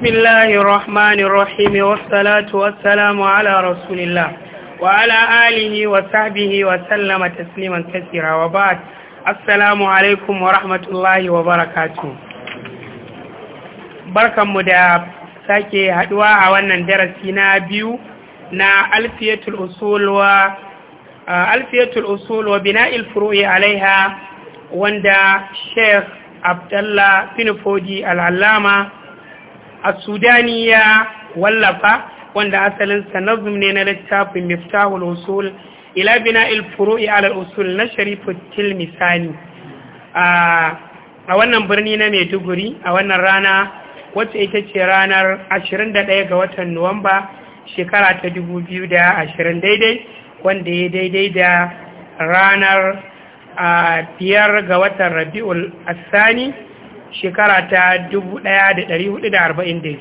بسم الله الرحمن الرحيم والصلاة والسلام على رسول الله وعلى آله وصحبه وسلم تسليما كثيرا وبعد السلام عليكم ورحمة الله وبركاته mu da sake haɗuwa a wannan darasi na biyu na alfiyatul usul wa uh, alfiyatul usul wa bina'il alaiha wanda Sheikh Abdullah bin al'alama. A sudani ya wallafa wanda asalinsa nazum ne na littafin miftahul usul ila bina'il furu'i ala al-usul na sharifuddin misani a wannan birni na Maiduguri a wannan rana wacce ita ce ranar 21 ga watan Nuwamba shekara ta 2020 daidai wanda ya daidai da ranar biyar ga watan Rabiul Asani shekara ta 1442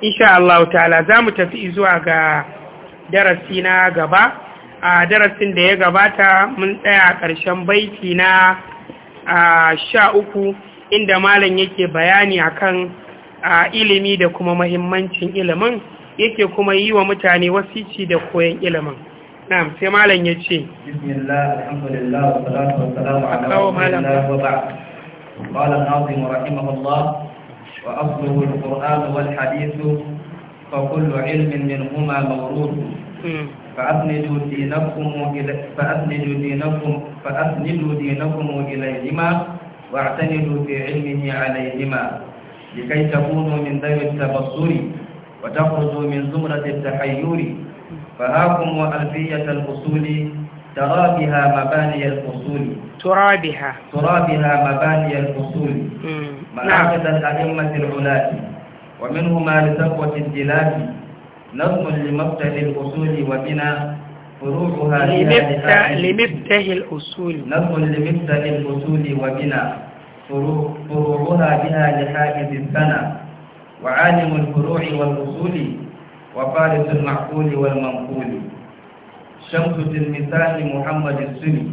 insha Allah ta'ala za mu tafi zuwa ga darasi na gaba a darasin da ya gabata mun tsaya ƙarshen baiki na sha uku inda malam yake bayani akan ilimi da kuma mahimmancin ilimin yake kuma yi wa mutane wasici da koyon ilimin na sai malam ya ce bismillah alhamdulillah wa salatu wa salamu ala rasulillah wa قال الناظم رحمه الله وأصله القرآن والحديث فكل علم منهما موروث فأسندوا دينكم إلى فأسندوا دينكم فأسندوا دينكم إليهما واعتمدوا في علمه عليهما لكي تكونوا من ذوي التبصر وتخرجوا من زمرة التحير فهاكم وألفية الأصول ترابها مباني الفصول ترابها ترابها مباني الفصول معاهد نعم. الأئمة العلاة ومنهما لتقوى الدلاف نظم لمبتل الأصول وبنا فروعها لمفتح, الأصول نظم لمبتل الأصول وبنا فروعها بها لحاجز السنة وعالم الفروع والأصول وفارس المعقول والمنقول شمس المثال محمد السني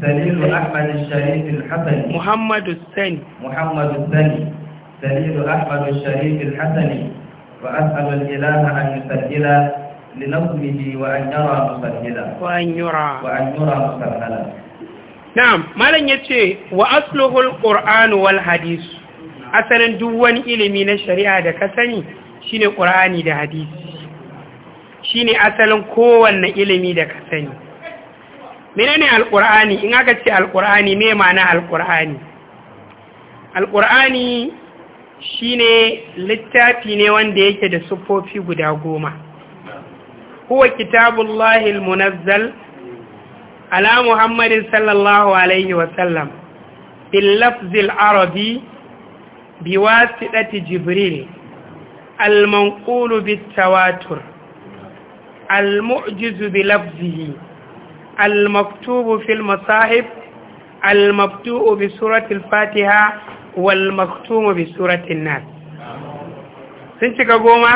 سليل أحمد الشريف الحسني محمد الثاني محمد الثاني سليل أحمد الشريف الحسني وأسأل الإله أن يسجل لنظمه وأن يرى مسجلا وأن يرى وأن يرى مسجلا نعم مالن يتي وأصله القرآن والحديث asalin duk wani ilimi na shari'a da ka sani shine Qur'ani da hadisi shine asalin kowanne ilimi da ka sani menene Alƙur'ani? in aka ce alqur'ani me ma'ana Alƙur'ani shi shine littafi ne wanda yake da sufofi guda goma huwa kitabullahi almunazzal ala muhammadin sallallahu alaihi wasallam bil lafzil arabi biwasitati jibril المنقول tawatur المعجز بلفظه المكتوب في المصاحف المبتوء بسورة الفاتحة والمختوم بسورة nas. sun cika goma?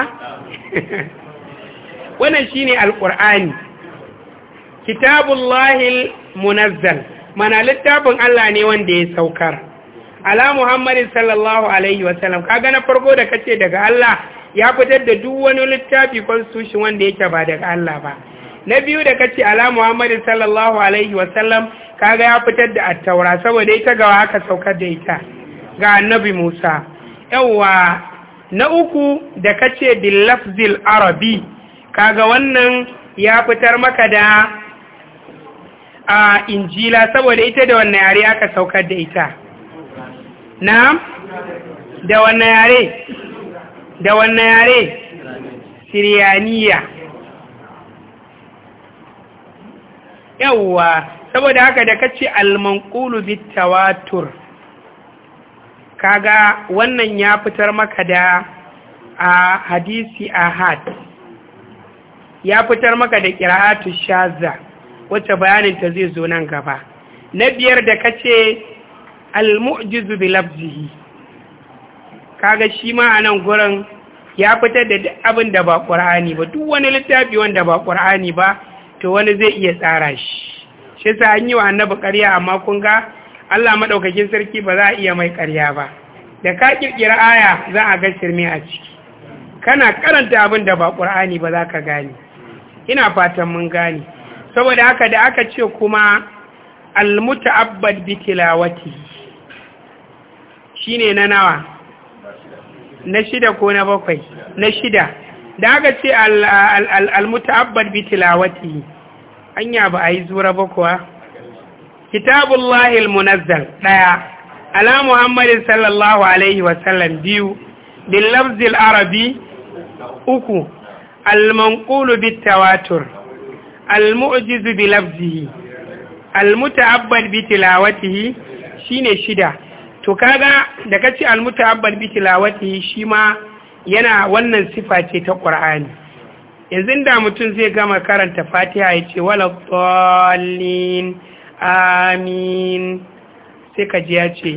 wannan shi ne alƙur'ani kitabullahil munazzal mana littafin Allah ne wanda ya saukar ala muhammadin sallallahu alaihi wasallam kaga na farko da kace daga Allah ya fitar da duk wani littafi constitution wanda yake ba daga Allah ba na biyu da kace ala Muhammad sallallahu alaihi wasallam kaga ya fitar da attaura saboda ita ga aka saukar da ita ga annabi Musa yawa na uku da kace bil lafzil arabi kaga wannan ya fitar maka da a injila saboda ita da wannan yare aka saukar da ita na da wannan yare da wanne yare siriyaniya Yauwa, saboda haka da kace al bitawatur kaga wannan ya fitar maka da a hadisi ahad ya fitar maka da kiratu shaza, wacce bayanin ta zai zo nan gaba na biyar da kace al-mu'jizu bi lafzihi kaga shi ma a nan gurin ya fitar da abin da ba ƙur'ani ba duk wani littafi wanda ba ƙur'ani ba to wani zai iya tsara shi shi sa an yi wa annabi ƙarya amma kun ga Allah maɗaukakin sarki ba za a iya mai ƙarya ba da ka ƙirƙira aya za a ga shirme a ciki kana karanta abin da ba ƙur'ani ba za ka gane ina fatan mun gane saboda haka da aka ce kuma almuta'abbad bi tilawati shine na nawa na shida ko na bakwai na shida da aka ce al-muta'abbad bi tilawati anya ba ayi zura ba kuwa kitabullahi al-munazzal daya ala muhammad sallallahu alaihi wa sallam biyu bil lafzil arabi uku al-manqulu bit tawatur al-mu'jizu bi lafzihi al-muta'abbad bi tilawatihi shine shida to kaga da kace almutaabbal bi tilawati shi ma yana wannan sifa ce ta qur'ani yanzu da mutum zai gama karanta fatiha ya ce wala dallin amin sai ka ya ce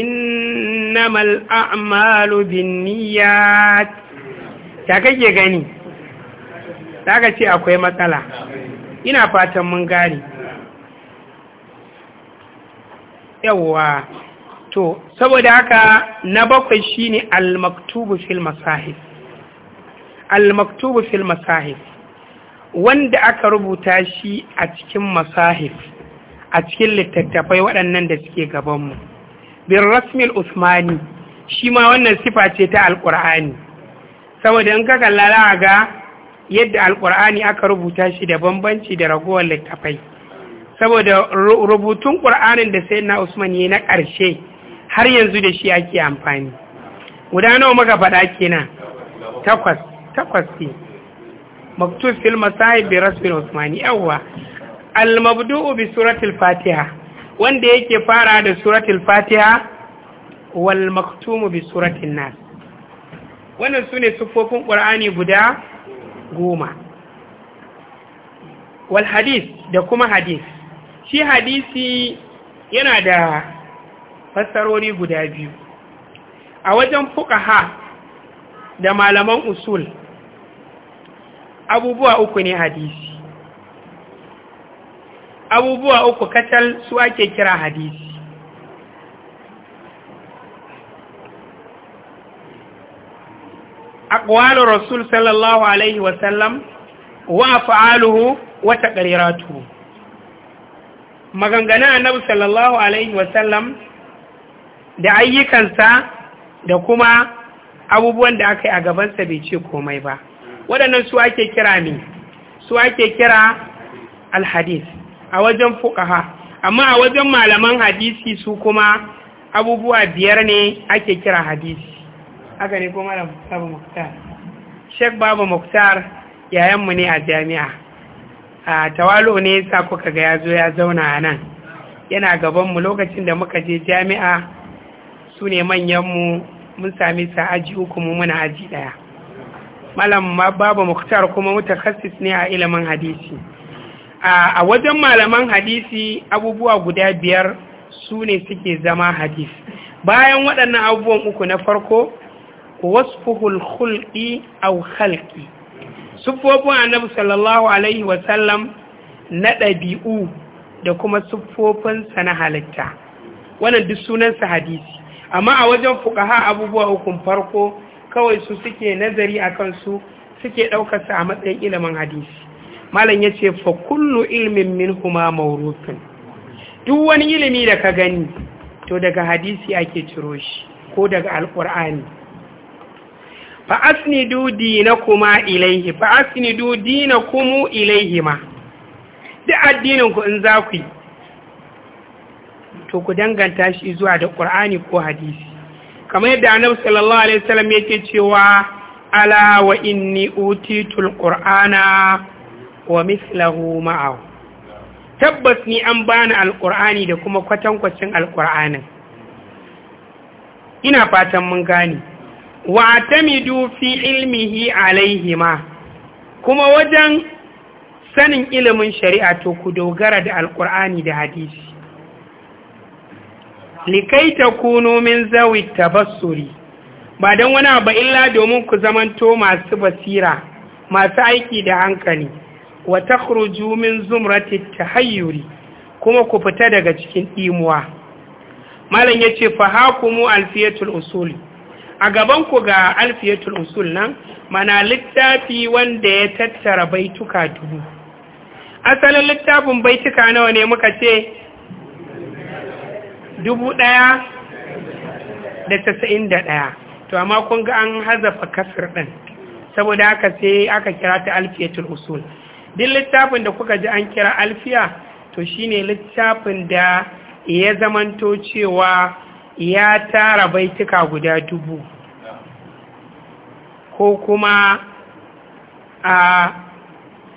innamal a'malu binniyat ta kake gani zaka ce akwai matsala ina fatan mun gane yawwa to saboda haka na bakwai shine al-maktubu fil masahif al-maktubu fil masahif wanda aka rubuta shi a cikin masahif a cikin littattafai waɗannan da suke gabanmu bin rasmil usmani shi ma wannan sifa ce ta alƙur'ani saboda in ka kalla ga yadda alƙur'ani aka rubuta shi da bambanci da ragowar littattafai saboda rubutun ƙur'anin da sai na usman yi na ƙarshe har yanzu da shi ake amfani guda nawa muka faɗa kenan takwas takwas ce maktub fil masahib bi rasmin usmani yawwa al mabdu'u bi suratul fatiha wanda yake fara da suratul fatiha wal maktumu bi suratin nas wannan sune sufofin qur'ani guda goma wal hadith da kuma hadith shi hadisi yana da fassarori guda biyu a wajen fukaha da malaman usul abubuwa uku ne hadisi abubuwa uku kacal su ake kira hadisi aqwalu rasul sallallahu alaihi wasallam wa af'aluhu wa taqriratuhu maganganun annabi sallallahu alaihi wasallam da ayyukansa da kuma abubuwan da aka yi a gabansa bai ce komai ba waɗannan su ake kira ne su ake kira alhadis a wajen fukaha amma a wajen malaman hadisi su kuma abubuwa biyar ne ake kira hadisi aka ne kuma da babu muktar shek babu muktar yayanmu ne a jami'a a tawalo ne sa kuka ga ya zo ya zauna a nan yana gabanmu lokacin da muka je jami'a su ne manyanmu mun sami sa aji uku mu muna aji ɗaya malam babu muktar kuma mutakassis ne a ilimin hadisi a wajen malaman hadisi abubuwa guda biyar su ne suke zama hadis bayan waɗannan abubuwan uku na farko wasfuhul khulqi aw khalqi sufofin annabi sallallahu alaihi wasallam na ɗabi'u da kuma siffofinsa na halitta wannan duk sunansa hadisi amma a wajen fukaha abubuwa hukun farko kawai su suke nazari a kansu suke ɗaukarsa a matsayin ilimin hadisi malam ya ce fa kullu ilmin min kuma duk wani ilimi da ka gani to daga hadisi ake ciro shi ko daga alƙur'ani fa asnidu dinakuma ilaihi fa asnidu ilaihi ma duk addinin ku in za ku yi to ku danganta shi zuwa da ƙur'ani ko hadisi kamar yadda annabi sallallahu alaihi wasallam yake cewa ala wa inni utitul qur'ana wa mithlahu ma'ahu tabbas ni an bani alqur'ani da kuma kwatankwacin alqur'anin ina fatan mun gane wa atamidu fi ilmihi alaihima kuma wajen sanin ilimin shari'a to ku dogara da alqur'ani da hadisi likai ta kuno min zawi tabassuri ba don wani abu illa domin ku zamanto masu basira masu aiki da hankali wata kuruju min zumrati hayyuri kuma ku fita daga cikin imuwa malam yace fa mu alfiyatul usul a gabanku ga alfiyatul usul nan mana littafi wanda ya tattara baituka dubu asalin littafin baituka nawa ne muka ce dubu ɗaya da tasa'in da ɗaya to amma kun ga an hazafa kasar ɗin saboda haka sai aka kira ta alfiyatul usul duk littafin da kuka ji an kira alfiya to shine littafin da ya zamanto cewa ya tara baituka guda dubu ko kuma a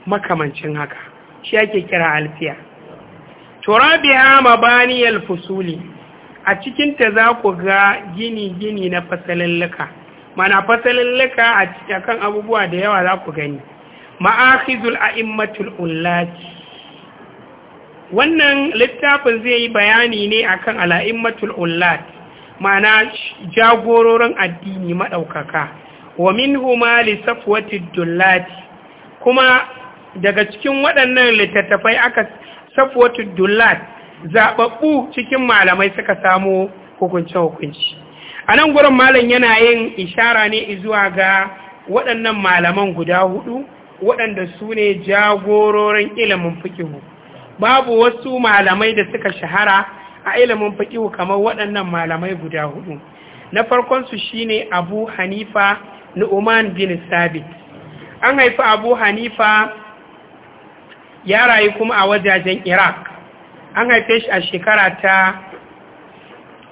makamancin haka shi ake kira alfiya turabiya mabaniyal fusuli a cikinta za ku ga gini-gini na fasalallaka mana fasalallaka a cikin abubuwa da yawa za ku gani ma'akizul a'immatul ullaki wannan littafin zai yi bayani ne akan ala'immatul ullat mana jagororin addini maɗaukaka wa min huma lisafwatid dullati kuma daga cikin waɗannan littattafai aka safwatid dullat zaɓaɓɓu cikin malamai suka samo hukuncin hukunci a nan gurin malam yana yin ishara ne zuwa ga waɗannan malaman guda hudu waɗanda su ne jagororin ilimin fikihu babu wasu malamai da suka shahara a ilimin fikihu kamar waɗannan malamai guda hudu na farkonsu shine abu hanifa nu'uman bin sabit an haifi abu hanifa ya rayu kuma a wajajen iraq an haife shi a shekara ta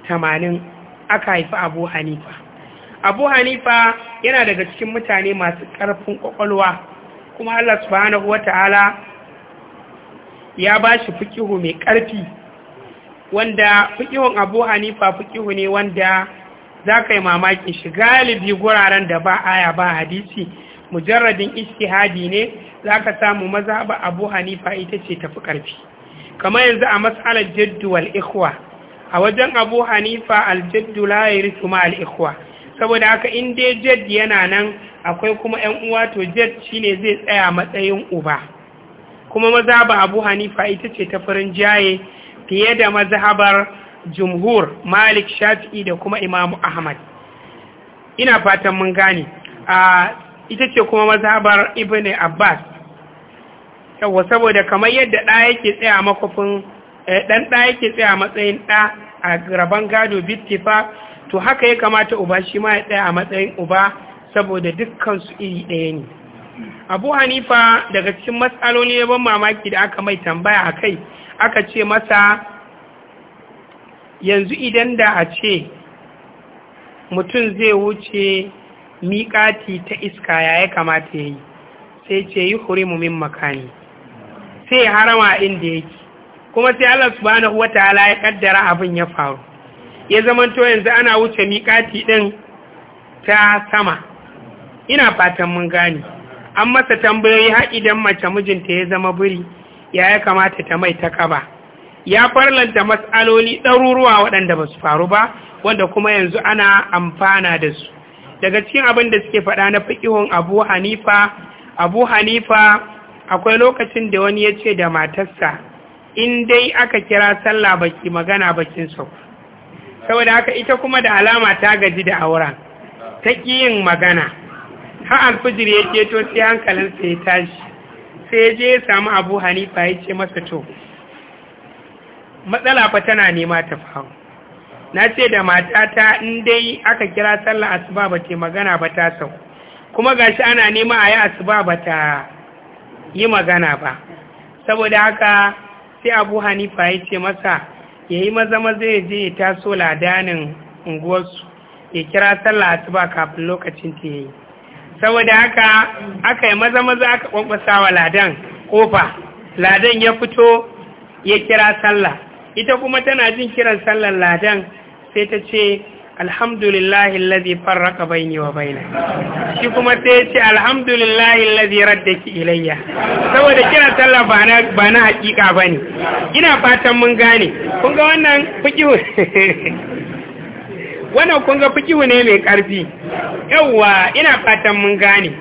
tamanin aka haifi abu hanifa abu hanifa yana daga cikin mutane masu ƙarfin ƙwaƙwalwa kuma allah subhanahu wa Wata'ala ya ba shi fikihu mai ƙarfi wanda fikihun abu hanifa fikihu ne wanda za ka yi mamakin shi galibi guraren da ba aya ba hadisi mujarradin istihadi ne za ka samu mazaba abu hanifa ita ce tafi ƙarfi kamar yanzu a matsalar jaddu wal ikhwa a wajen abu hanifa aljaddu la yarithu ma al ikhwa saboda haka in dai jadd yana nan akwai kuma 'yan uwa to jadd shine zai tsaya matsayin uba kuma mazaba abu hanifa ita ce ta farin jaye fiye da mazhabar jumhur malik shafi'i da kuma imamu ahmad ina fatan mun gane a ita ce kuma mazhabar ibn abbas yawa saboda kamar yadda ɗa yake tsaya makofin eh, ɗan ɗa yake tsaya matsayin ɗa a raban gado bittifa to haka ya kamata uba shi ma ya tsaya a matsayin uba saboda dukkan su iri ɗaya ne abu hanifa daga cikin matsaloli ya ban mamaki da aka mai tambaya a kai aka ce masa yanzu idan da a ce mutum zai wuce miƙati ta iska ya kamata ya yi sai ce yi hurimu min makani sai harama inda yake kuma sai Allah subhanahu wataala ya kaddara abin ya faru ya zamanto yanzu ana wuce miƙati din ta sama ina fatan mun gani an masa tambayoyi har idan mace mijinta ya zama buri ya ya kamata ta mai ta kaba ya farlanta matsaloli ɗaruruwa waɗanda ba su faru ba wanda kuma yanzu ana amfana da su daga cikin abin da suke faɗa na fiƙihun abu hanifa abu hanifa akwai lokacin da wani ya ce da matarsa in dai aka kira sallah baki magana bakin sau saboda haka ita kuma da alama ta gaji da auren ta yin magana har alfijir ya keto sai hankalinsa ya tashi sai je ya samu abu hanifa ya ce masa to matsala fa tana nema ta faru na ce da matata in dai aka kira sallah asuba ba ke magana ba ta sau kuma gashi ana nema a yi asuba ba ta yi magana ba saboda haka sai abu hanifa ya ce masa ya yi maza-maza ya je ya taso ladanin unguwarsu ya kira sallah ba kafin lokacin ta yi saboda haka aka yi maza-maza aka ƙwaƙwasa wa ladan kofa ladan ya fito ya kira sallah ita kuma tana jin kiran sallar ladan sai ta ce alhamdulillahi alladhi bai baini wa baina shi kuma sai yace alhamdulillahi radda ki ilayya saboda kira talla ba na ba na bane ina fatan mun gane kun ga wannan fikihu wannan kun ga fikihu ne mai karfi yawa ina fatan mun gane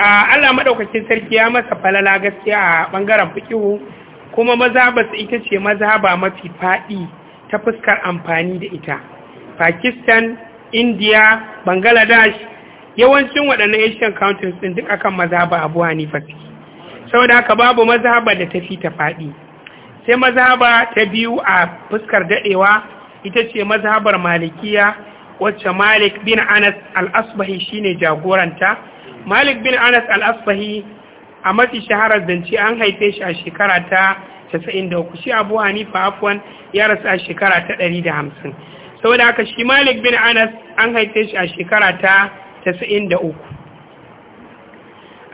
Allah maɗaukacin sarki ya masa falala gaskiya a ɓangaren fikihu kuma maza ba su ita ce maza ba mafi faɗi ta fuskar amfani da ita pakistan india bangladesh yawancin waɗannan asian countries ɗin duk akan mazhaba abu hanifa suke saboda haka babu mazhaba da tafi ta faɗi sai mazaba ta biyu a fuskar daɗewa ita ce mazhabar malikiya wacce malik bin anas al-asbahi shine jagoranta malik bin anas al-asbahi a mafi shaharar zance an haife shi a shekara ta 93 shi abu hanifa afwan ya rasu a shekara ta 150 saboda haka shi malik bin anas an haife shi a shekara ta 93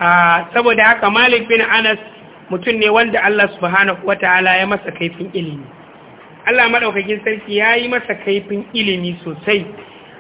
ah, saboda haka malik bin anas mutum ne wanda Allah subhanahu wataala ya masa kaifin ilimi Allah maɗaukakin sarki ya yi masa kaifin ilimi sosai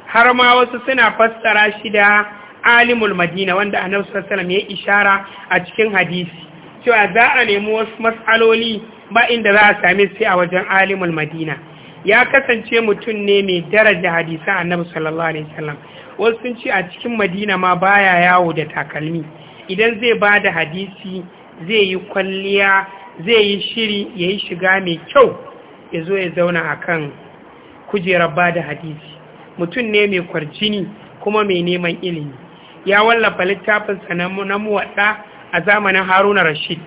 har ma wasu suna fassara shi da alimul madina wanda annabi sallallahu ya ishara a cikin hadisi cewa za a nemi wasu mas'aloli ba inda za a same su a wajen alimul madina ya kasance mutum ne mai daraja hadisa annabi sallallahu alaihi wasallam wasu sun ce a cikin madina ma baya yawo da takalmi idan zai ba da hadisi zai yi kwalliya zai yi shiri ya yi shiga mai kyau ya zo ya zauna a kan kujerar ba da hadisi mutum ne mai kwarjini kuma mai neman ilimi ya wallafa littafinsa na muwaɗa a zamanin haruna rashid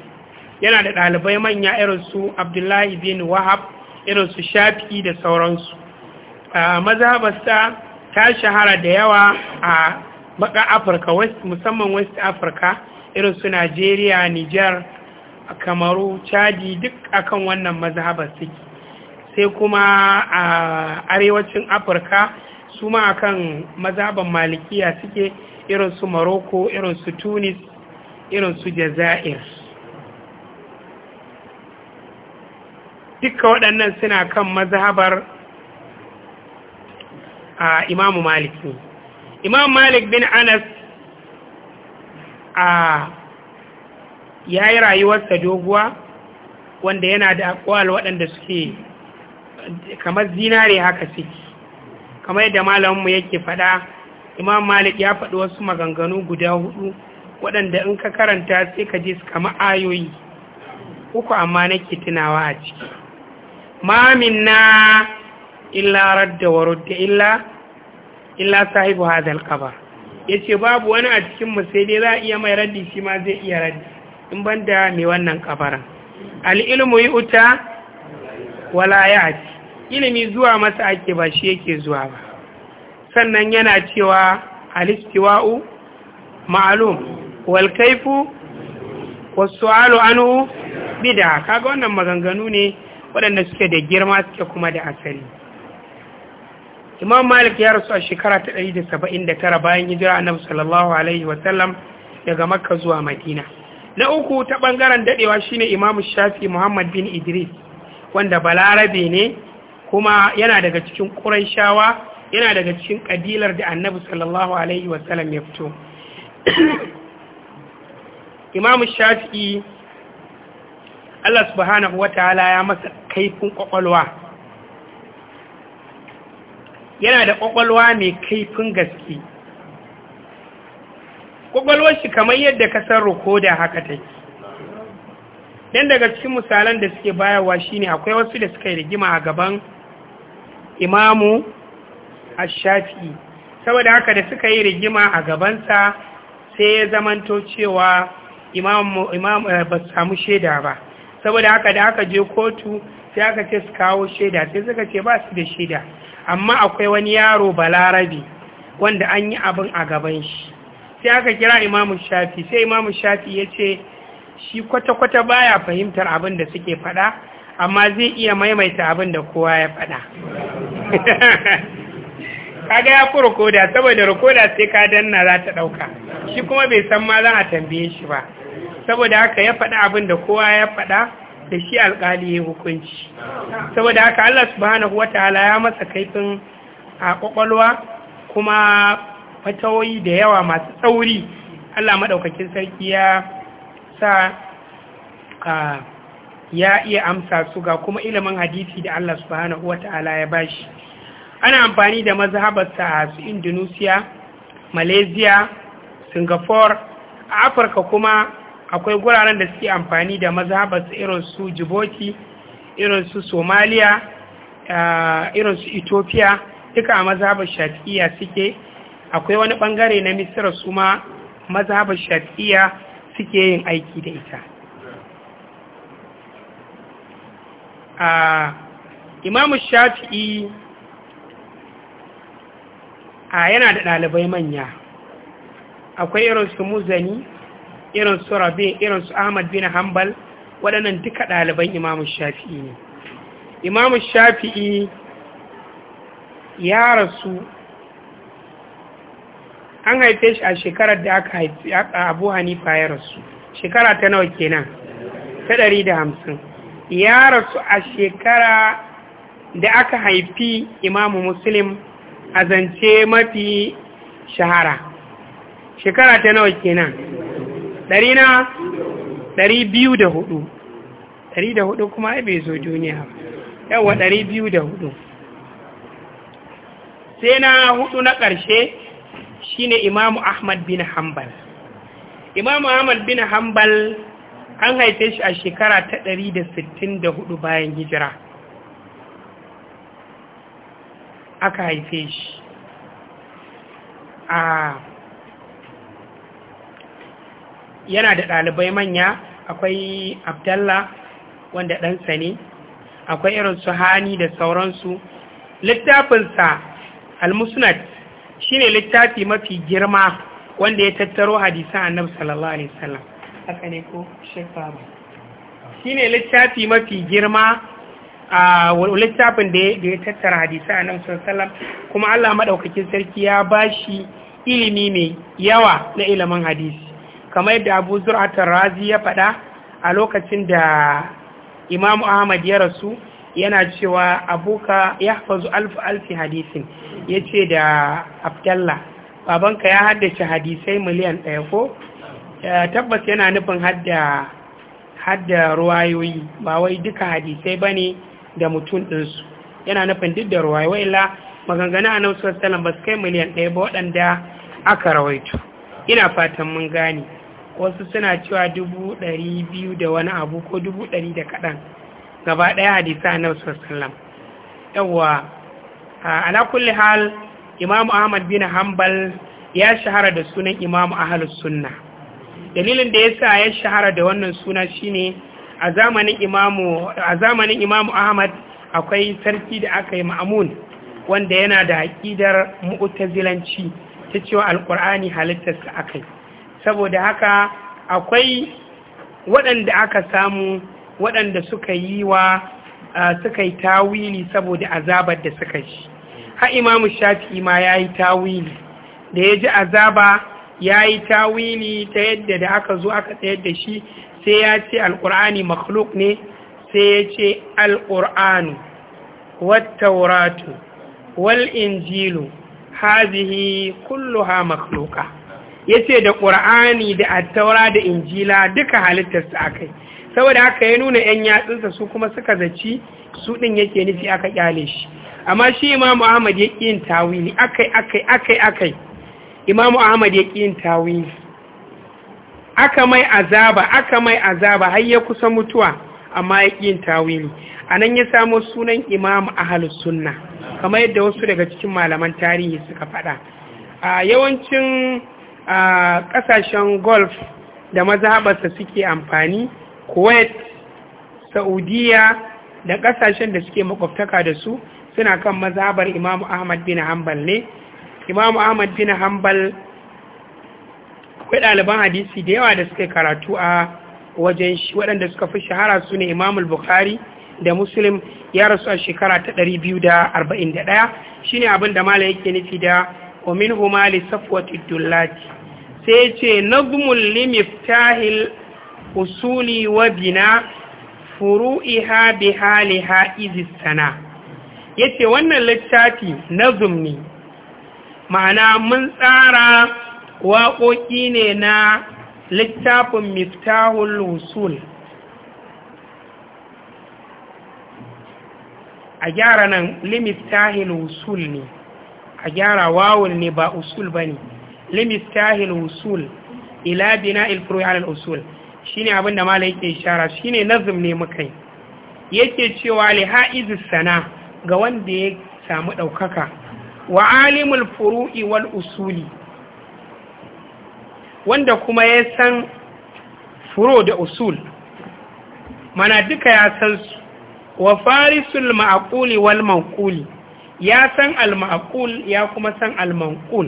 yana da ɗalibai manya irin abdullahi bin wahab irin su shafi da sauransu mazhabarsa ta shahara da yawa a baka afirka musamman west africa irin su nigeria niger kamaru chadi duk akan wannan mazhabar suke sai kuma a arewacin afirka su ma akan mazhabar malikiya suke irin su morocco irin su tunis irin su jazair dukkan waɗannan suna kan mazhabar a imamu malik ne imam malik bin anas a ya yi rayuwarsa doguwa wanda yana da akwal waɗanda suke kamar zinare haka suke kamar yadda malaminmu yake faɗa imam malik ya faɗi wasu maganganu guda hudu waɗanda in ka karanta sai ka ji su kama ayoyi uku amma nake tunawa a ciki ma minna illa radda wa radda illa illa sahibu hadal qabr yace babu wani a cikin mu sai dai za a iya mai raddi shi ma zai iya raddi in banda mai wannan kafara al ilmu yu'ta wala ya'ti ilimi zuwa masa ake ba shi yake zuwa ba sannan yana cewa al-istiwa'u ma'lum wal kayfu wasu'alu anhu bid'a kaga wannan maganganu ne waɗanda suke da girma suke kuma da asali imam malik ya rasu a shekara ta ɗari da da saba'in tara bayan hijira annabi sallallahu alaihi wasallam daga makka zuwa madina na uku ta ɓangaren daɗewa shine Imam shafi muhammad bin idris wanda balarabe ne kuma yana daga cikin ƙuraishawa yana daga cikin ƙabilar da annabi sallallahu alaihi wasallam ya fito imamu Shafi. Allah subhanahu wataala ya masa kaifin kwakwalwa yana da kwakwalwa mai kaifin gaske kwakwalwar shi kamar yadda kasar da haka take ɗan daga cikin misalan da suke bayarwa shine akwai wasu da suka yi rigima a gaban imamu a shafi saboda haka da suka yi rigima a gabansa sai ya zamanto cewa imam eh, ba samu shaida ba saboda haka da aka je kotu sai aka ce su kawo shaida sai suka ce ba su da shaida amma akwai wani yaro Balarabi wanda an yi abin a gaban shi sai aka kira imamu shafi sai imamu shafi ya ce shi kwata-kwata ba ya fahimtar abin da suke faɗa amma zai iya maimaita abin da kowa ya faɗa kaga ya fi rikoda saboda rikoda sai ka danna za ta ɗauka shi kuma bai san ma za a tambaye shi ba saboda haka ya faɗa abin da kowa ya faɗa da shi alƙali ya hukunci saboda haka Allah subhanahu wataala ya masa kaifin a ƙwaƙwalwa kuma fatawoyi da yawa masu tsauri Allah maɗaukakin sarki ya sa ya iya amsa su ga kuma ilimin hadisi da Allah subhanahu wataala ya ba shi. ana amfani da mazhabarsa a su Indonesia Malaysia Singapore a Afirka kuma akwai guraren da suke amfani da mazhabarsu irin su Djibouti irin su Somalia eh, irin su Ethiopia duka a mazhabar Shafi'iyya suke akwai wani bangare na misira su ma mazhabar Shafi'iyya suke yin aiki da ita eh, Imam Shafi'i a eh, yana da ɗalibai manya akwai irin su Muzani irin su rabi irin su ahmad bin hanbal waɗannan duka ɗaliban imamu shafi'i ne imamu shafi'i ya rasu an haife shi a shekarar da aka haifi abu hanifa ya rasu shekara ta nawa kenan ta ɗari da hamsin ya rasu a shekara da aka haifi imamu muslim a zance mafi shahara shekara ta nawa kenan ɗari na ɗari biyu da hudu ɗari da hudu kuma ya bai zo duniya yawa ɗari biyu da hudu sai na hudu na ƙarshe shi ne imamu ahmad bin hanbal imamu ahmad bin hanbal an haife shi a shekara ta ɗari da sittin da hudu bayan hijira aka haife shi a ah. yana da ɗalibai manya akwai abdalla wanda ɗansa ne akwai irin su hani da sauransu littafinsa al-musnad shine littafi mafi girma wanda ya tattaro hadisan annabi sallallahu alaihi wasallam haka ne ko shekara shine littafi mafi girma a littafin da ya tattara hadisan annabi sallallahu alaihi wasallam kuma Allah madaukakin sarki ya ba shi ilimi mai yawa na ilimin hadisi kamar yadda abu zur'atar razi ya faɗa a lokacin da imamu ahmad ya rasu yana cewa abuka ya hafazu alfi alfi hadisin ya ce da abdalla babanka ya haddace hadisai miliyan ɗaya ko tabbas yana nufin hadda ruwayoyi ba wai duka hadisai ba ne da mutum ɗinsu yana nufin duk da ruwayoyi la maganganu a nausar salam ba su kai miliyan ɗaya ba waɗanda aka rawaito ina fatan mun gane wasu suna cewa dubu ɗari biyu da wani abu ko dubu ɗari da kaɗan gaba ɗaya hadisa annabi sallallahu yawwa ala kulli hal imamu ahmad bin hanbal ya shahara da sunan imamu ahalus sunna dalilin da ya sa ya shahara da wannan suna shine a zamanin imamu a zamanin imamu ahmad akwai sarki da aka yi ma'amun wanda yana da aƙidar mu'tazilanci ta cewa alƙur'ani halittarsa akai saboda haka akwai waɗanda aka samu waɗanda suka yi wa suka yi tawili saboda azabar da suka ji ha imamu shafi'i ma ya yi tawili da ya ji azaba ya yi tawili ta yadda da aka zo aka tsayar da shi sai ya ce alƙur'ani makhluk ne sai ya ce alƙur'anu wattauratu wal injilu hazihi kulluha makhluka Ya ce da ƙur'ani da attaura da injila duka halittarsa a kai saboda haka ya nuna yan yatsunsa su kuma suka zaci su ɗin yake nufi aka kyale shi amma shi imamu ahmad ya yin tawili akai akai akai akai imamu ahmad ya yin tawili aka mai azaba aka mai azaba har ya kusa mutuwa amma ya yin tawili anan ya samo sunan imamu ahlus sunna kamar yadda wasu daga cikin malaman tarihi suka faɗa a yawancin a kasashen golf da mazhabarsa suke amfani kuwait saudiya da kasashen da suke makwabtaka da su suna kan mazhabar imamu ahmad bin hanbal ne imamu ahmad bin hanbal akwai ɗaliban hadisi da yawa da suka karatu a wajen shi waɗanda suka fi shahara su ne imamul bukhari da muslim ya rasu a shekara ta ɗari 241 ne abin da mala yake nufi da omin humali safuwa tuddullaci sai ce nagmul limiftahil usuli wa bina furu'iha bi haliha izistana yace wannan littafi nazum ne ma'ana mun tsara waƙoƙi ne na littafin miftahul usul a gyara nan limiftahil usul ne a gyara wawul ne ba usul ba ne limistahi al-usul ila bina al-furu'i al-usul shine abin da malai yake ishara shine nazm ne mukai yake cewa li haizu sana ga wanda ya samu daukaka wa alimul furu'i wal usuli wanda kuma ya san furo da usul mana duka ya san wa farisul ma'quli wal manquli ya san al ma'qul ya kuma san al manqul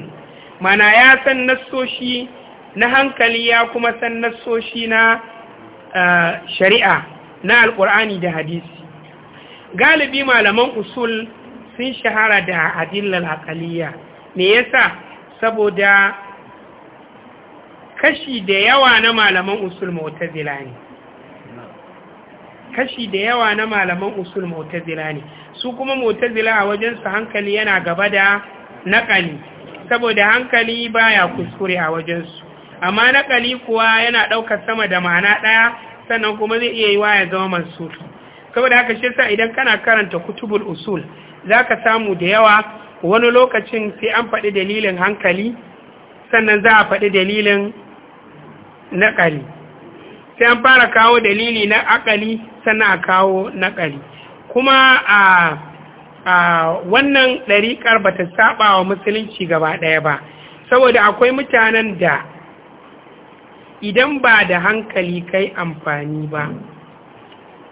mana ya san nassoshi na hankali ya kuma san nassoshi na eh, shari'a na alkur'ani da hadisi galibi malaman usul sun shahara da adillar aqaliyya me yasa saboda kashi da yawa na malaman usul mautazila ne kashi da yawa na malaman usul mautazila ne su kuma mautazila a wajen hankali yana gaba da naƙali. saboda hankali baya kuskure a wajensu amma naƙali kuwa yana ɗaukar sama da ma'ana ɗaya sannan kuma zai iya yi wa ya zama mansur saboda haka shi sa idan kana karanta kutubul usul zaka samu da yawa wani lokacin sai an faɗi dalilin hankali sannan za a faɗi dalilin naƙali sai an fara kawo dalili na aƙali, sannan a kawo naƙali kuma a a wannan ɗariƙar ba ta saba wa musulunci gaba ɗaya ba saboda akwai mutanen da idan ba da hankali kai amfani ba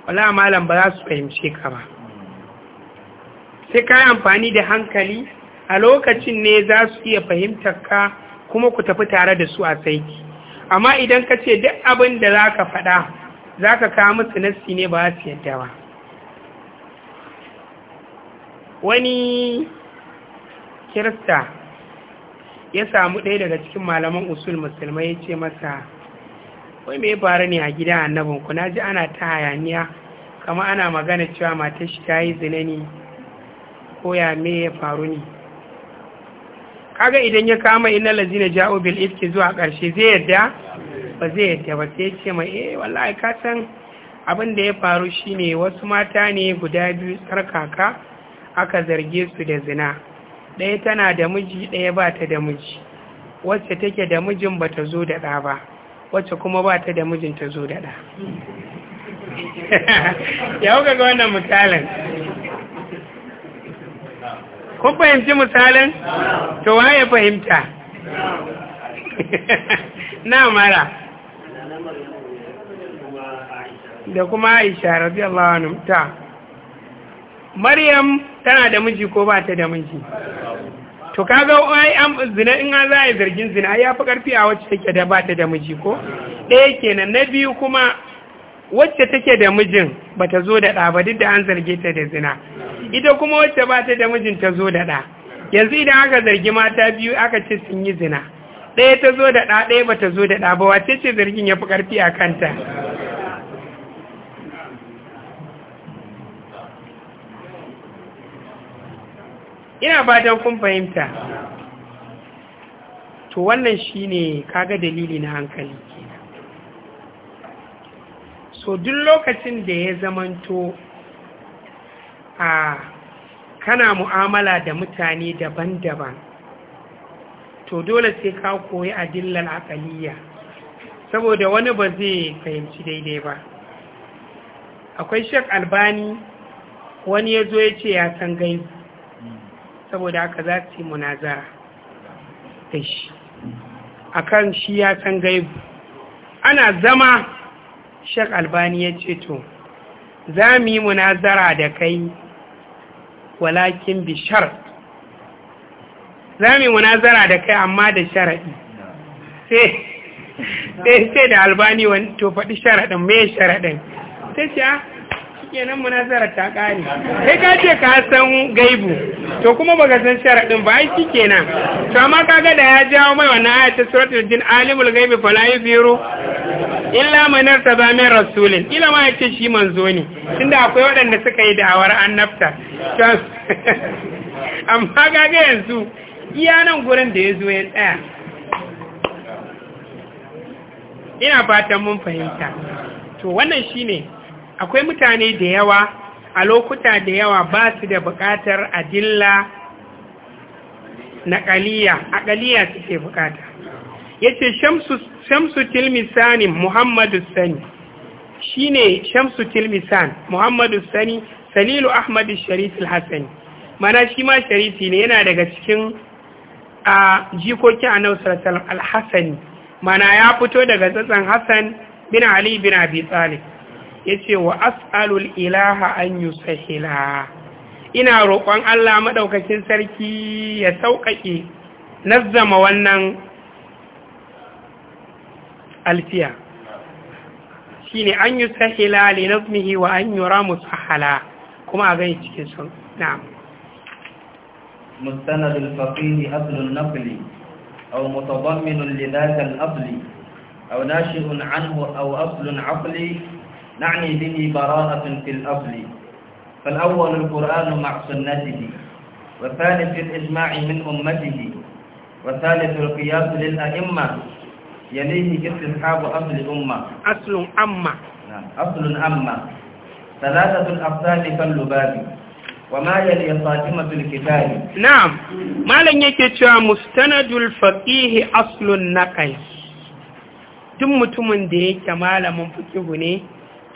wala malam ba za su fahimce ka ba sai kai amfani da hankali a lokacin ne za su iya fahimtar ka kuma ku tafi tare da su a saiki amma idan ka ce duk abin da za ka faɗa za ka kawo musu nassi ne ba su yadda ba wani kirista ya samu ɗaya daga cikin malaman usul musulmai ya ce masa wai mai faru ne a gidan annabinku na ji ana ta hayaniya kama ana magana cewa matar shi ta yi zina ne ko ya me ya faru ne kaga idan ya kama ina lazina ja'o bil zuwa ƙarshe zai yadda ba zai yadda ba sai ce mai eh wallahi ka san abin da ya faru shine wasu mata ne guda biyu tsarkaka aka zarge su da zina ɗaya tana da miji ɗaya ba ta da miji wacce take da mijin ba ta zo da ɗa ba wacce kuma ba ta da mijin ta zo da ɗa ya kuka ga wannan misalin kun fahimci misalin to waye fahimta na mara da kuma aisha radiyallahu anhu ta maryam tana da miji ko ba ta da miji to kaga wai an zina in an za a yi zargin zina ya fi karfi a wacce take da ba ta da miji ko ɗaya kenan na biyu kuma wacce take da mijin ba ta zo da ɗa ba duk da an zarge ta da zina ita kuma wacce ba ta da mijin ta zo da ɗa yanzu idan aka zargi mata biyu aka ce sun yi zina ɗaya ta zo da ɗa ɗaya ba ta zo da ɗa ba wace ce zargin ya fi ƙarfi a kanta ina fatan kun fahimta to wannan shi ne kaga dalili na hankali so duk lokacin da ya zamanto a kana mu'amala da mutane daban-daban to dole sai ka koyi adillar akaliya saboda wani ba zai fahimci daidai ba akwai shek albani wani ya zo ya ce ya san gani saboda haka za su yi munazara da shi akan shi ya san gaibu ana zama shek albani ya ce to za mu yi munazara da kai walakin bishar za mu yi munazara da kai amma da sharaɗi sai sai da albani wani to faɗi sharaɗin mai sharaɗin sai ce ah, kenan munazarar ta kare sai ka ce ka san gaibu to kuma ba ka san sharadin ba ai kenan to amma kaga da ya jawo mai wannan aya ta suratul jin alimul gaibi fala yuziru illa man artaba min rasulin ila ma yace shi manzo ne tunda akwai waɗanda suka yi da'awar annabta amma kaga yanzu iya nan gurin da yazo ya tsaya ina fatan mun fahimta to wannan shine akwai mutane da yawa a lokuta da yawa ba su da bukatar adilla na ƙaliya a kaliya suke bukata ya ce shamsu tilmisanin muhammadu sani shi ne shamsu tilmisan muhammadu sani salilu ahmadu sharif hassani mana shi ma sharifi ne yana daga cikin a jikokin anausar salam alhassani mana ya fito daga tsatsan hassan bin ali bin abi talib yace wa as'alul ilaha an yusahila ina roƙon Allah maɗaukakin sarki ya sauƙaƙe nazzama wannan alfiya shine an yusahila li nazmihi wa an yura sahala kuma a gani cikin sun na'am مستند الفقيه أصل النقل أو متضمن لذاك الأصل أو ناشئ عنه أو أصل عقلي نعني به براءة في الأصل فالأول القرآن مع سنته والثالث الإجماع من أمته والثالث القياس للأئمة يليه استصحاب أصل أمة أصل أمة نعم، أصل أمة ثلاثة الأفضال كاللباب وما يلي صادمة الكتاب نعم ما لن يكتشى مستند الفقيه أصل النقل تم تم da كمال من fikihu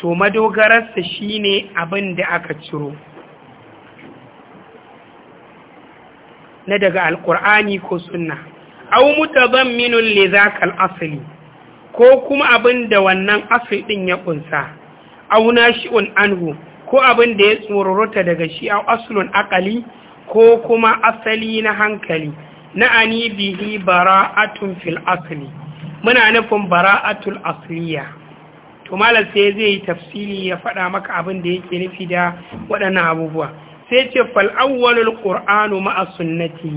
to madogararsa shine abin da aka ciro na daga alkur'ani ko sunna au mutazamminun li zakal asli ko kuma abin da wannan asli ɗin ya kunsa au nashi'un anhu ko abin da ya tsororota daga shi au aslun aqali ko kuma asali na hankali na ani bihi bara'atun fil asli muna nufin bara'atul asliya to malam sai zai yi tafsiri ya faɗa maka abin da yake nufi da waɗannan abubuwa sai ce fal awwalul qur'anu ma'a sunnati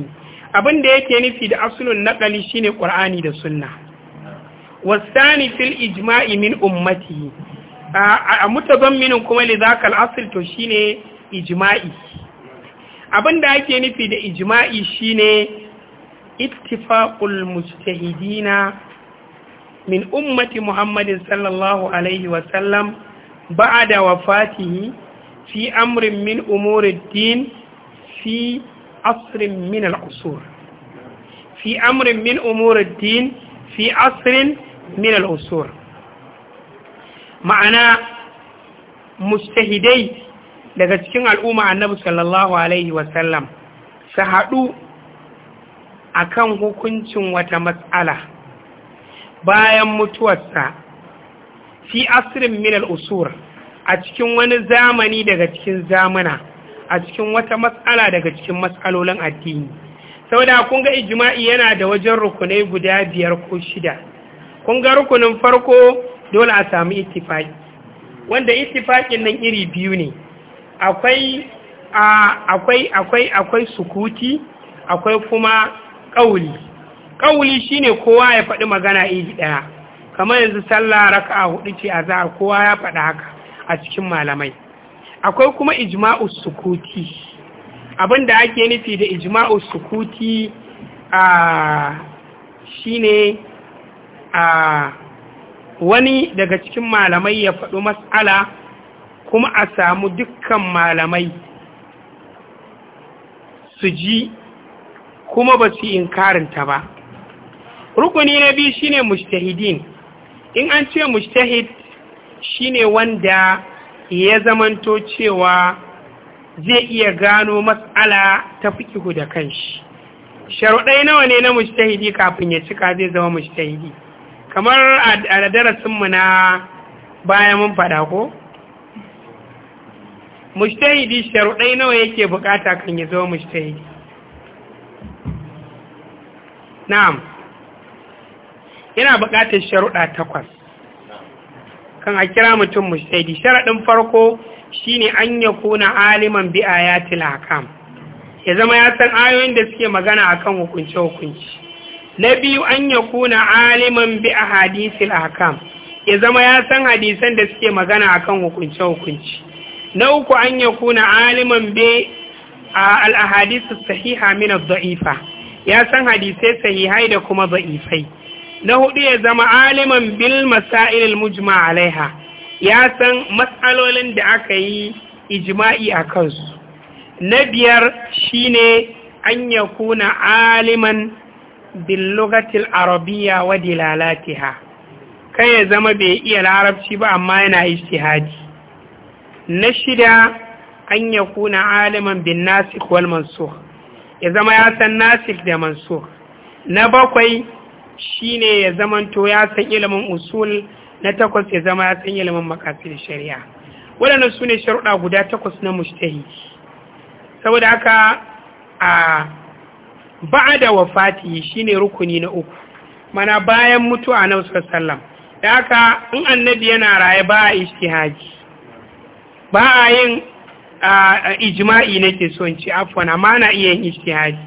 abin da yake nufi da aslun naqali shine qur'ani da sunna wasani fil ijma'i min ummati a mutazamminin kuma li zaka asl to shine ijma'i abin da ake nufi da ijma'i shine ittifaqul mujtahidina min ummati muhammadin sallallahu alaihi wasallam ba'ada wafatihi fi amrin min umuri din fi asrin min al'usur fi amrin min umuri din fi asrin min al'usur ma'ana mustahidai daga cikin al'umma annabi sallallahu alaihi wasallam su haɗu akan hukuncin wata matsala bayan mutuwarsa fi asirin minal usur a cikin wani zamani daga cikin zamana a cikin wata matsala daga cikin matsalolin addini Sau da kun ga ijma'i yana da wajen rukunai guda biyar ko shida kun ga rukunin farko dole a samu itifaki wanda itifakin nan iri biyu ne akwai akwai akwai sukuti akwai kuma ƙauli ƙauli ne kowa ya faɗi magana iri ɗaya kamar yanzu sallah raka'a hudu ce a za'a kowa ya faɗi haka a cikin malamai akwai kuma Ijima'u sukuti abin da ake nufi da Ijima'u sukuti a ne a wani daga cikin malamai ya faɗi mas'ala kuma a samu dukkan malamai su ji kuma ba su yi ba rukuni na biyu shine mujtahidin in an ce mujtahid shine wanda ya zamanto cewa zai iya gano matsala ta fikihu da kanshi sharuɗai nawa ne na mujtahidi kafin ya cika zai zama mujtahidi kamar a darasinmu na baya mun faɗa ko mujtahidi sharuɗai nawa yake bukata kan ya zama mujtahidi na'am yana buƙatar sharuɗa takwas kan a kira mutum mujtahidi sharaɗin farko shine an ya kuna aliman bi ayatil hakam ya zama ya san ayoyin da suke magana akan hukunce hukunci na biyu an ya kuna aliman bi ahadisil hakam ya zama ya san hadisan da suke magana akan hukunce hukunci na uku an ya kuna aliman bi al ahadisus sahiha min ad-da'ifa ya san hadisai sahihai da kuma da'ifai na hudu ya zama aliman bil masailil mujma alaiha ya san matsalolin da aka yi ijma'i a kansu na biyar shine an ya kuna aliman bil lugatil arabiya wa ha. kai ya zama bai iya larabci ba amma yana ijtihadi na shida an ya kuna aliman bin nasikh wal mansukh ya zama ya san nasikh da mansukh na bakwai shine ya zamanto ya san ilimin usul na takwas ya zama ya san ilimin makasid shari'a waɗannan su ne sharuɗa guda takwas na mujtahid saboda haka a Fati wafati shine rukuni na uku mana bayan mutuwa na wasu sallam da haka in annabi yana raye ba a ijtihadi ba a yin ijma'i na ke son ci afwan amma na iya yin ijtihadi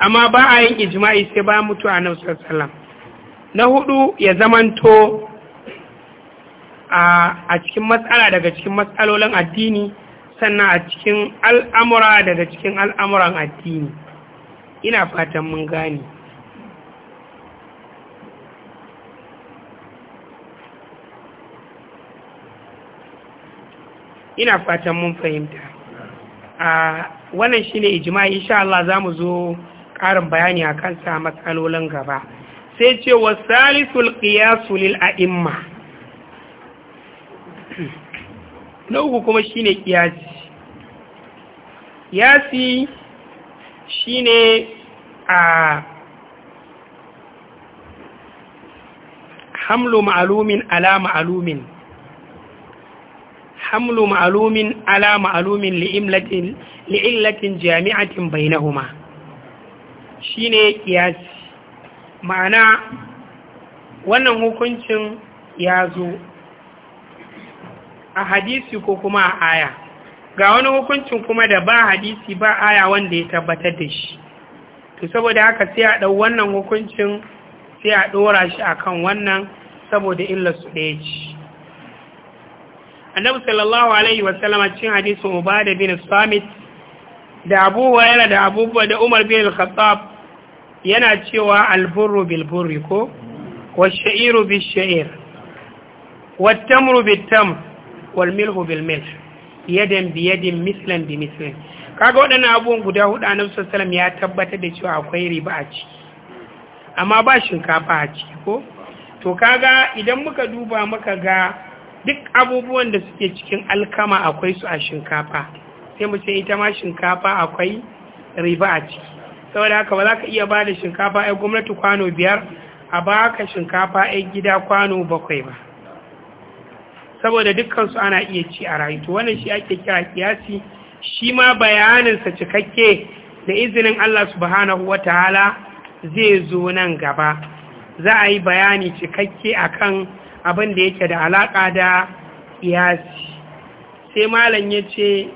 amma ba a yin ijma'i sai ba mutuwa na wasu sallam na hudu ya zamanto a cikin matsala daga cikin matsalolin addini sannan a cikin al'amura daga cikin al'amuran addini ina fatan mun gane ina fatan mun fahimta a wannan shine ijma'i insha Allah zamu zo ƙarin bayani akan sa matsalolin gaba sai ce wa salisul qiyasu lil a'imma na uku kuma shine qiyasi qiyasi shine a hamlu ma'alumin ala ma'lumin hamlu ma'lumin ala ma'lumin li'illatin jami'atin bainahuma shine qiyasi ma'ana wannan hukuncin ya zo a hadisi ko kuma a aya ga wani hukuncin kuma da ba hadisi ba aya wanda ya tabbatar da shi to saboda haka sai a ɗau wannan hukuncin sai a ɗora shi a kan wannan saboda illa su ɗaya ce annabi sallallahu alaihi wasallama cin ba ubada bin samit da abubuwa yana da abubuwa da umar bin al-khattab yana cewa alburu bilburi ko washa'iru bisha'ir wattamru bitam walmilhu bilmil yadan biyadin mislan bi mislan kaga waɗannan abubuwan guda hudu a nafsar salam ya tabbatar da cewa akwai riba a ciki amma ba shinkafa a ciki ko to kaga idan muka duba muka ga duk abubuwan da suke cikin alkama akwai su a shinkafa sai mu ce ita ma shinkafa akwai riba a ciki saboda haka ba za ka iya ba da shinkafa ai gwamnati kwano biyar a baka shinkafa ai gida kwano bakwai ba saboda dukansu ana iya ci a rayu to wannan shi ake kira kiyasi shi ma bayaninsa cikakke da izinin Allah subhanahu wataala zai zo nan gaba za a yi bayani cikakke akan abin da yake da alaƙa da kiyasi sai malam ya ce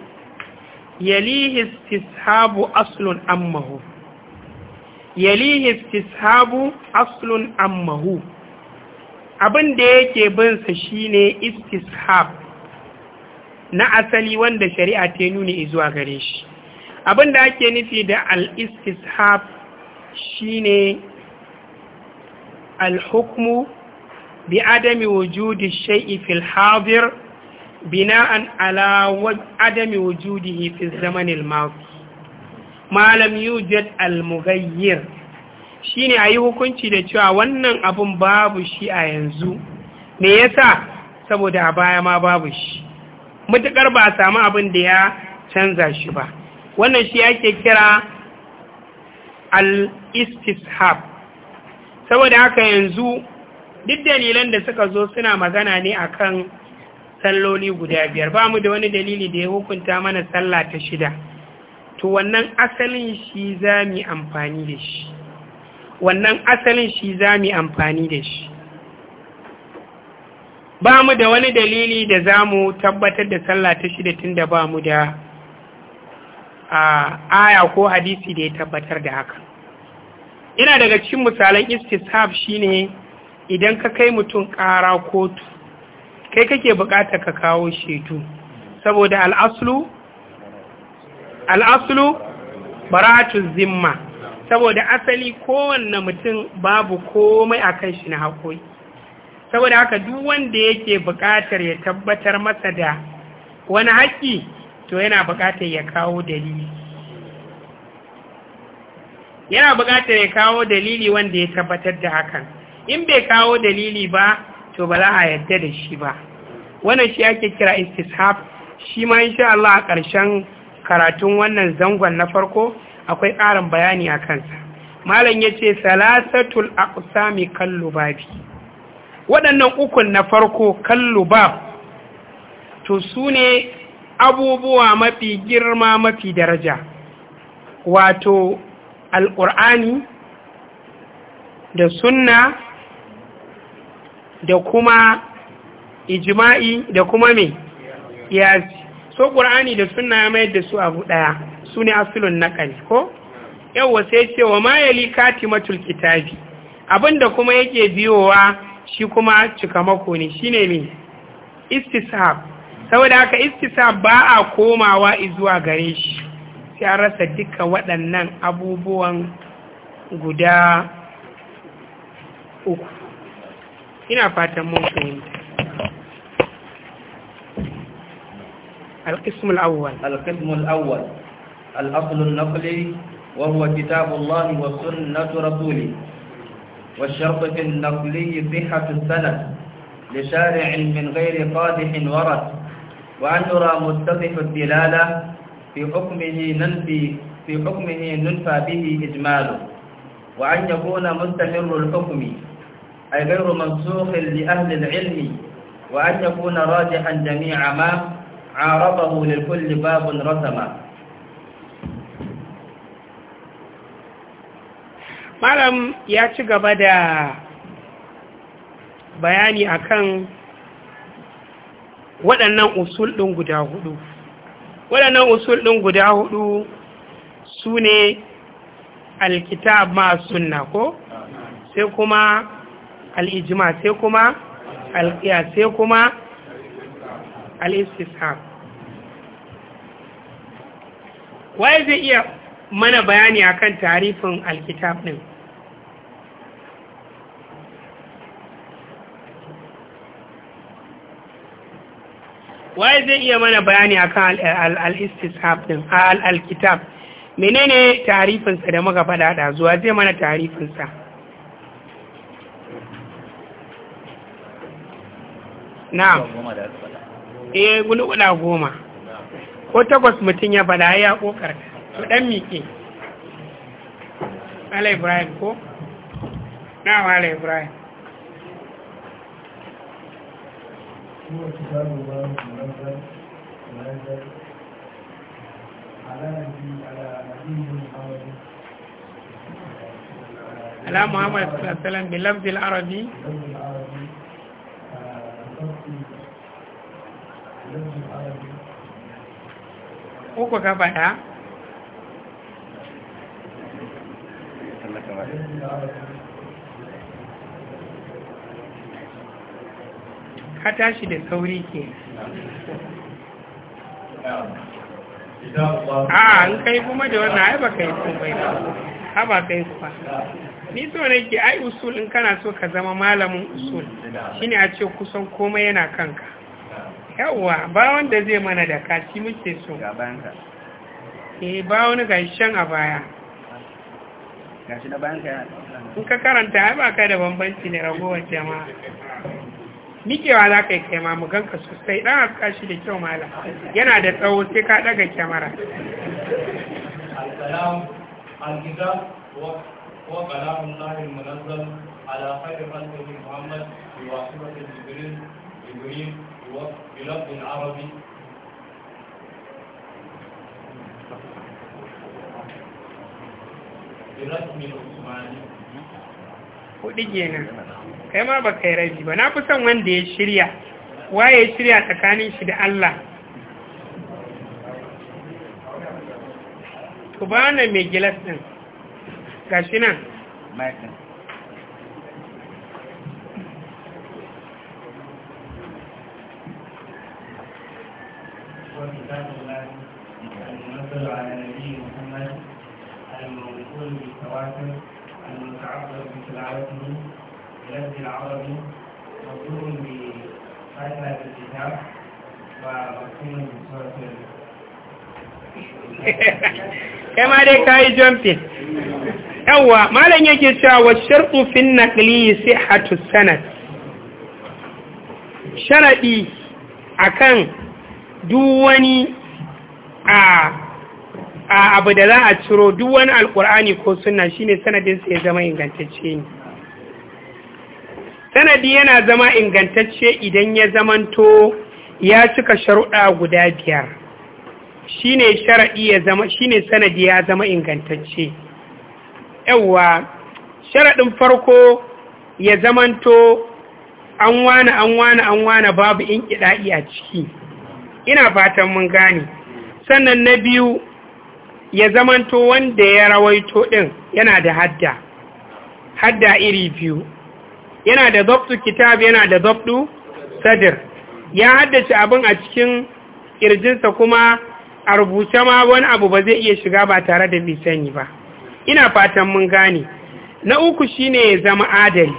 yalihi istishabu aslun ammahu yalihi istishabu aslun ammahu abin da yake sa shine istishab na asali wanda shari'a ta nuna izuwa gare shi abin da ake nufi da al-istishab shine al-hukmu bi adami wujudi shay'i fil hadir bina'an ala adami wujudihi fi zamanil madi malam yujad al-mughayyir shine ayi hukunci da cewa wannan abun babu shi a yanzu me yasa saboda a baya ma babu shi mutakar ba samu abin da ya canza shi ba wannan shi ake kira al-istishab saboda haka yanzu duk dalilan da suka zo suna magana ne akan salloli guda biyar ba mu da wani dalili da ya hukunta mana sallah ta shida to wannan asalin shi za mu amfani da shi wannan asalin shi za mu amfani da shi ba mu da wani dalili da za mu tabbatar da sallah ta shida tun da ba mu da aya ko hadisi da ya tabbatar da haka ina daga cikin misalan istishab shine idan ka kai mutum ƙara kotu kai kake bukata ka kawo shetu saboda al'aslu al'asulu baratun zimma saboda asali kowanne mutum babu komai a kan shi na haƙoi saboda haka duk wanda yake buƙatar ya tabbatar masa da wani haƙƙi to yana buƙatar ya kawo dalili yana buƙatar ya kawo dalili wanda ya tabbatar da hakan in bai kawo dalili ba to ba za a yadda da shi ba wannan shi ake kira istishab shi ma insha Allah a ƙarshen karatun wannan zangon na farko akwai ƙarin bayani a kansa malam ya ce salasatul aqsami kallubabi waɗannan ukun na farko kallubab to su ne abubuwa mafi girma mafi daraja wato alƙur'ani da sunna da kuma ijma'i da kuma mai yasi so ƙur'ani da sunna ya mayar da su abu ɗaya su ne asilun naƙari, ko yawwa sai ce wa mayali katimatul kitabi abinda kuma yake biyowa shi kuma cika mako ne shine ne istisab saboda haka istisab ba a komawa zuwa gare shi Ya rasa duka waɗannan abubuwan guda uku ina fatan mun fahimta القسم الأول القسم الأول الأصل النقلي وهو كتاب الله وسنة رسوله والشرط في النقلي صحة السند لشارع من غير قادح ورد وأن نرى متصف الدلالة في حكمه ننفي في حكمه ننفى به إجماله وأن يكون مستمر الحكم أي غير منسوخ لأهل العلم وأن يكون راجحا جميع ما عارضه لكل باب رسمه malam ya ci gaba da bayani akan waɗannan usul ɗin guda hudu waɗannan usul ɗin guda hudu su ne alkitab ma sunna ko sai kuma al'ijima sai kuma alƙiya sai kuma al-istishab waye zai iya mana bayani akan tarifin alkitab ɗin waye zai iya mana bayani akan al ɗin din al-alkitab menene tarifinsa da muka faɗa da zuwa zai mana tarifinsa na'am da eh, ya gulgula goma ko takwas mutum ya bada ya kokar su dan miƙe ala ibrahim ko na ala ibrahim على Muhammad sallallahu alaihi wasallam وسلم بلفظ uku ka faɗa ka tashi da sauri ke a an kai kuma da wannan haifar ba kai kuma ba ha ba kai kuma ni so nake ai usul kana so ka zama malamin usul ne a ce kusan komai yana kanka yawwa ba wanda zai mana da kaci muke so eh ba wani gashin a baya da in ka karanta ya ba kai da bambanci ne ragowar jama'a mikewa za ka yi kaima mu ganka sosai ɗan haska shi da kyau mala yana da tsawo sai ka ɗaga kyamara هو بلفظ عربي برسم kuɗi kenan kai ma ba kai rabi ba na fi son wanda ya shirya waye ya shirya tsakanin shi da Allah ku ba wannan mai gilas ɗin ga shi nan Ka ma dai ka yi jomfin. Yauwa malam yake shawarar shiruɓɓen nakili shi a tussunan. Shanadi duk wani a abu da za a ciro duk wani alkur'ani ko shi ne sanadinsa ya zama ingantacce ne sanadi yana zama ingantacce idan ya zamanto ya cika sharuɗa guda biyar ne sharaɗi ya zama ne sanadi ya zama ingantacce Yauwa, sharaɗin farko ya zamanto an wane an wane an wane babu in a ciki ina fatan mun gane sannan na biyu ya zamanto wanda ya rawaito ɗin, yana da hadda hadda iri biyu yana da zabtu kitab yana da zabtu sadir ya haddace abin a cikin kirjinsa kuma a rubuce ma wani abu ba zai iya shiga ba tare da bai ba ina fatan mun gane na uku shine ya zama adali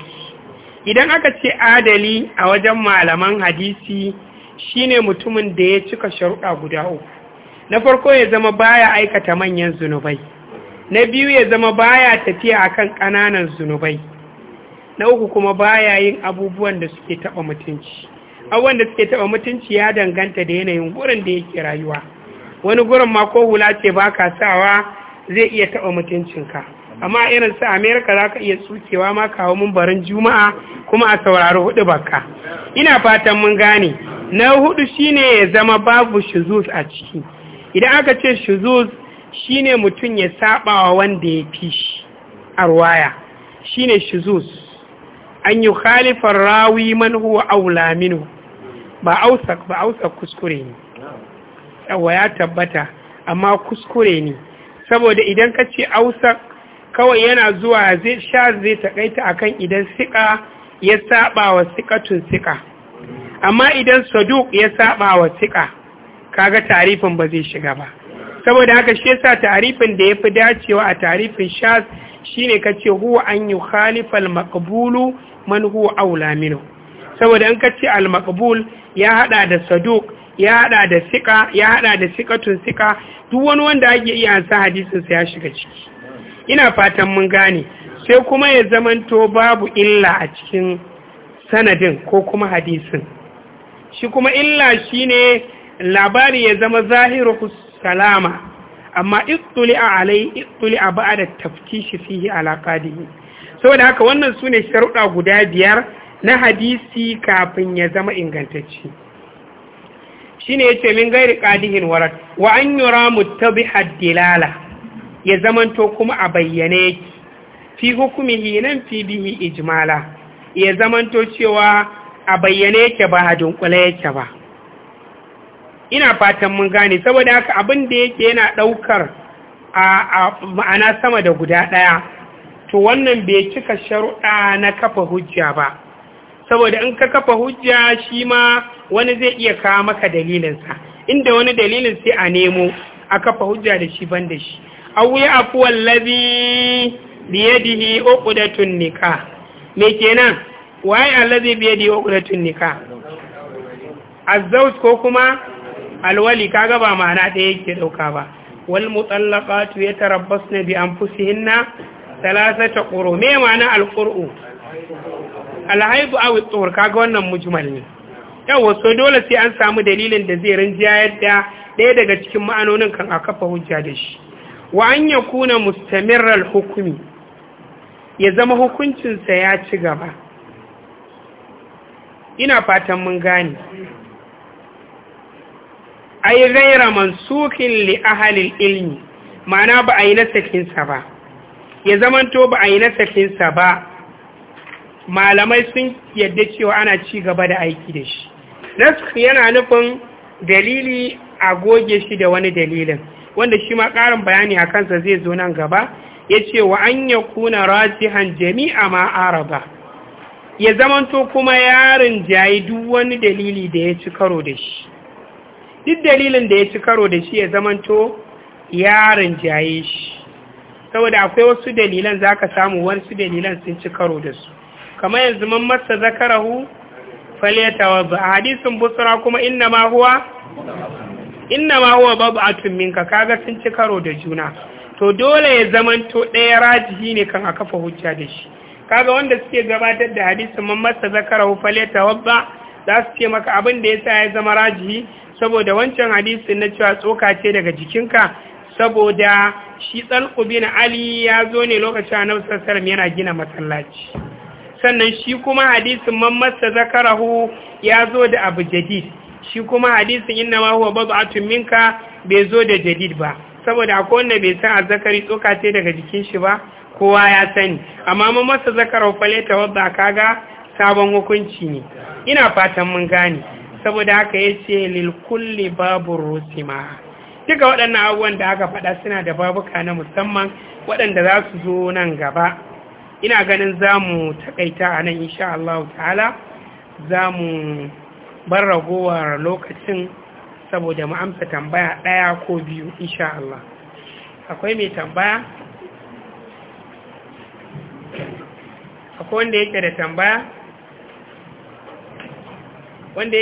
idan aka ce adali a wajen malaman hadisi shine mutumin da ya cika sharuɗa guda uku na farko ya zama baya aikata manyan zunubai na biyu ya zama baya tafiya a kan ƙananan zunubai na uku kuma baya yin abubuwan da suke taɓa mutunci abubuwan da suke taɓa mutunci ya danganta da yanayin gurin da yake rayuwa wani gurin ma ko hula ce ba ka sawa zai iya taɓa mutuncinka amma irin su amerika za ka iya tsukewa ma kawo mun barin juma'a kuma a saurari huɗu baka. ina fatan mun gane na hudu shine ya zama babu shuzuz a ciki idan aka ce shuzuz shine mutum ya wa wanda ya fi shi a ruwaya shine shuzuz an yi khalifar rawi man huwa aula minhu ba ausak ba ausak kuskure ne yawa ya tabbata amma kuskure ne saboda idan ka ce ausak kawai yana zuwa zai sha zai takaita akan idan sika ya saba wa sikatun sika amma idan saduk ya saba wa tika kaga tarifin ba zai shiga ba saboda haka shi yasa tarifin da ya fi dacewa a tarifin shaz shine kace huwa an khalifal al-maqbulu man huwa aula minhu saboda an kace al-maqbul ya hada da saduk ya hada da sika ya hada da sikatun sika duk wani wanda ake iya ansa hadisin sa ya shiga ciki ina fatan mun gane sai kuma ya zamanto babu illa a cikin sanadin ko kuma hadisin shi kuma illa shi ne labari ya zama zahiru salama amma a alai a da ba'da fiye fihi ala qadihi saboda haka wannan su ne sharuɗa guda biyar na hadisi kafin ya zama ingantacci. Shi ne ya ce min gairi ƙadihin warat wa an ta bi haddilala. ya zamanto kuma a bayyane fi hukumihi nan fi bihi ijmala ya zamanto cewa a bayyane yake ba a dunkule yake ba ina fatan mun gane saboda haka abin da yake yana ɗaukar a ma'ana sama da guda ɗaya to wannan bai cika sharuɗa na kafa hujja ba saboda in ka kafa hujja shi ma wani zai iya kawo maka dalilinsa inda wani dalilin sai a nemo a kafa hujja da shi ban da shi awu ya afuwan biyadihi uqdatun nikah me kenan waye allazi biye da yawqratun nikah azzauj ko kuma alwali kaga ba ma'ana ɗaya yake dauka ba wal mutallaqatu yatarabbasna bi anfusihinna thalathata quru me ma'ana alquru alhaibu aw at-tuhur kaga wannan mujmal ne yawa so dole sai an samu dalilin da zai rinjayar da ɗaya daga cikin ma'anonin kan a kafa hujja da shi wa an yakuna mustamirral hukumi ya zama hukuncinsa ya ci gaba ina fatan mun gane ai ghaira mansukin li ahli ilmi ma'ana ba yi nasakin sa ba ya zamanto ba a nasakin sa ba malamai sun yadda cewa ana ci gaba da aiki da shi nask yana nufin dalili a goge shi da wani dalilin wanda shi ma ƙarin bayani a kansa zai zo nan gaba ya ce wa an ya kuna rajihan jami'a ma araba ya zamanto kuma yarin jayi duk wani dalili da ya ci karo da shi duk dalilin da ya ci karo da shi ya zamanto yaron jayi. shi saboda akwai wasu dalilan za ka samu wasu dalilan sun ci karo da su kamar yanzu man masa zakarahu wa ba hadisun busra kuma inna ma huwa inna ma huwa babu atun minka kaga sun ci karo da juna to dole ya zamanto ɗaya rajihi ne kan a kafa hujja da shi kaga wanda suke gabatar da hadisi man masa zakarahu falyatawadda za su ce maka abin da yasa ya zama rajihi saboda wancan hadisin na cewa tsoka ce daga jikinka saboda shi tsalku bin ali ya zo ne lokacin annabi sallallahu yana gina masallaci sannan shi kuma hadisin man masa zakarahu ya zo da abu jadid shi kuma hadisin inna ma huwa bab'atun minka bai zo da jadid ba saboda akwai wanda bai san azzakari tsoka ce daga jikin shi ba kowa ya sani amma mun masa zakar zakarau ta wadda kaga sabon hukunci ne ina fatan mun gane saboda haka ya ce kulli babur rusima duka waɗannan abubuwan da aka faɗa suna da babuka na musamman waɗanda za su zo nan gaba ina ganin za mu taƙaita a nan insha Allah ta'ala za mu bar ragowar lokacin saboda mu amsa tambaya ɗaya ko biyu insha Allah akwai mai tambaya akwai wanda yake da tambaya wanda